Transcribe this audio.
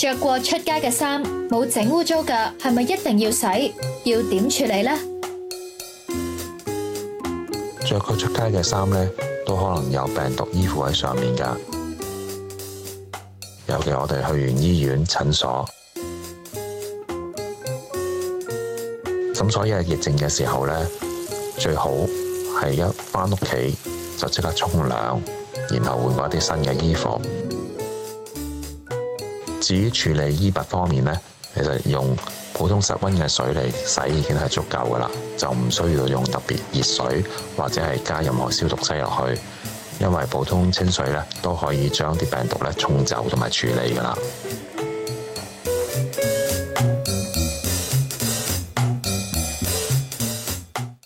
着過出街嘅衫，冇整污糟噶，係咪一定要洗？要點處理呢？着過出街嘅衫呢，都可能有病毒依附喺上面噶，尤其我哋去完醫院、診所，咁所以喺疫症嘅時候呢，最好係一翻屋企就即刻沖涼，然後換過啲新嘅衣服。至於處理衣物方面呢，其實用普通室溫嘅水嚟洗已經係足夠㗎喇，就唔需要用特別熱水或者係加任何消毒劑落去，因為普通清水呢都可以將啲病毒呢沖走同埋處理㗎喇。